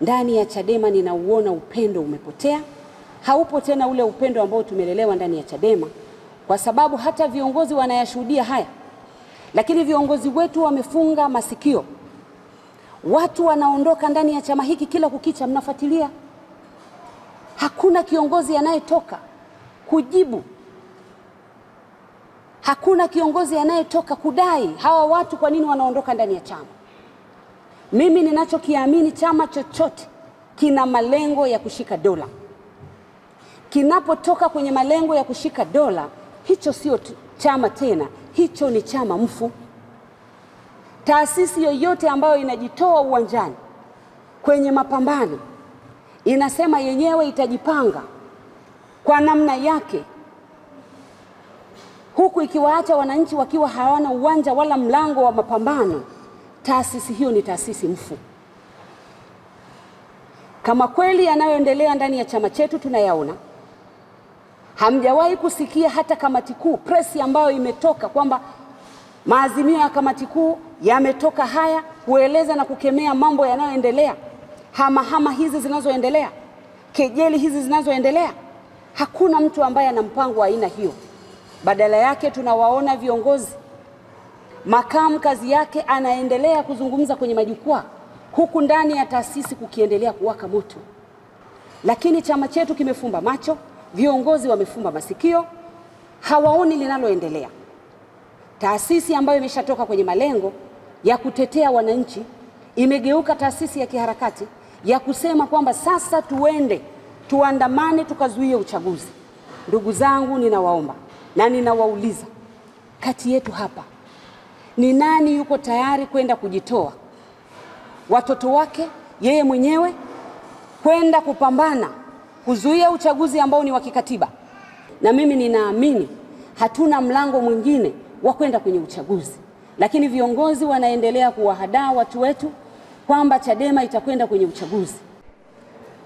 Ndani ya Chadema ninauona upendo umepotea, haupo tena ule upendo ambao tumelelewa ndani ya Chadema, kwa sababu hata viongozi wanayashuhudia haya, lakini viongozi wetu wamefunga masikio. Watu wanaondoka ndani ya chama hiki kila kukicha, mnafuatilia, hakuna kiongozi anayetoka kujibu, hakuna kiongozi anayetoka kudai hawa watu kwa nini wanaondoka ndani ya chama. Mimi ninachokiamini, chama chochote kina malengo ya kushika dola. Kinapotoka kwenye malengo ya kushika dola, hicho sio chama tena, hicho ni chama mfu. Taasisi yoyote ambayo inajitoa uwanjani kwenye mapambano inasema yenyewe itajipanga kwa namna yake, huku ikiwaacha wananchi wakiwa hawana uwanja wala mlango wa mapambano taasisi hiyo ni taasisi mfu. Kama kweli yanayoendelea ndani ya chama chetu tunayaona, hamjawahi kusikia hata kamati kuu presi ambayo imetoka kwamba maazimio ya kamati kuu yametoka haya kueleza na kukemea mambo yanayoendelea, hamahama hizi zinazoendelea, kejeli hizi zinazoendelea. Hakuna mtu ambaye ana mpango wa aina hiyo. Badala yake tunawaona viongozi Makamu kazi yake anaendelea kuzungumza kwenye majukwaa huku ndani ya taasisi kukiendelea kuwaka moto, lakini chama chetu kimefumba macho, viongozi wamefumba masikio, hawaoni linaloendelea. Taasisi ambayo imeshatoka kwenye malengo ya kutetea wananchi imegeuka taasisi ya kiharakati ya kusema kwamba sasa tuende tuandamane tukazuie uchaguzi. Ndugu zangu, ninawaomba na ninawauliza kati yetu hapa ni nani yuko tayari kwenda kujitoa, watoto wake, yeye mwenyewe, kwenda kupambana kuzuia uchaguzi ambao ni wa kikatiba. Na mimi ninaamini hatuna mlango mwingine wa kwenda kwenye uchaguzi, lakini viongozi wanaendelea kuwahadaa watu wetu kwamba Chadema itakwenda kwenye uchaguzi.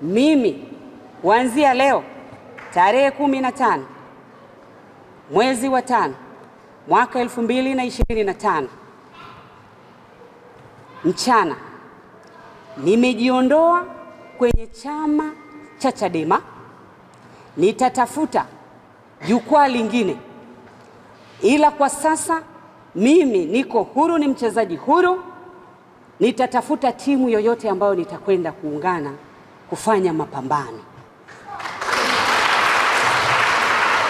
Mimi kuanzia leo tarehe kumi na tano mwezi wa tano mwaka 2025 mchana nimejiondoa kwenye chama cha Chadema, nitatafuta jukwaa lingine, ila kwa sasa mimi niko huru, ni mchezaji huru. Nitatafuta timu yoyote ambayo nitakwenda kuungana kufanya mapambano.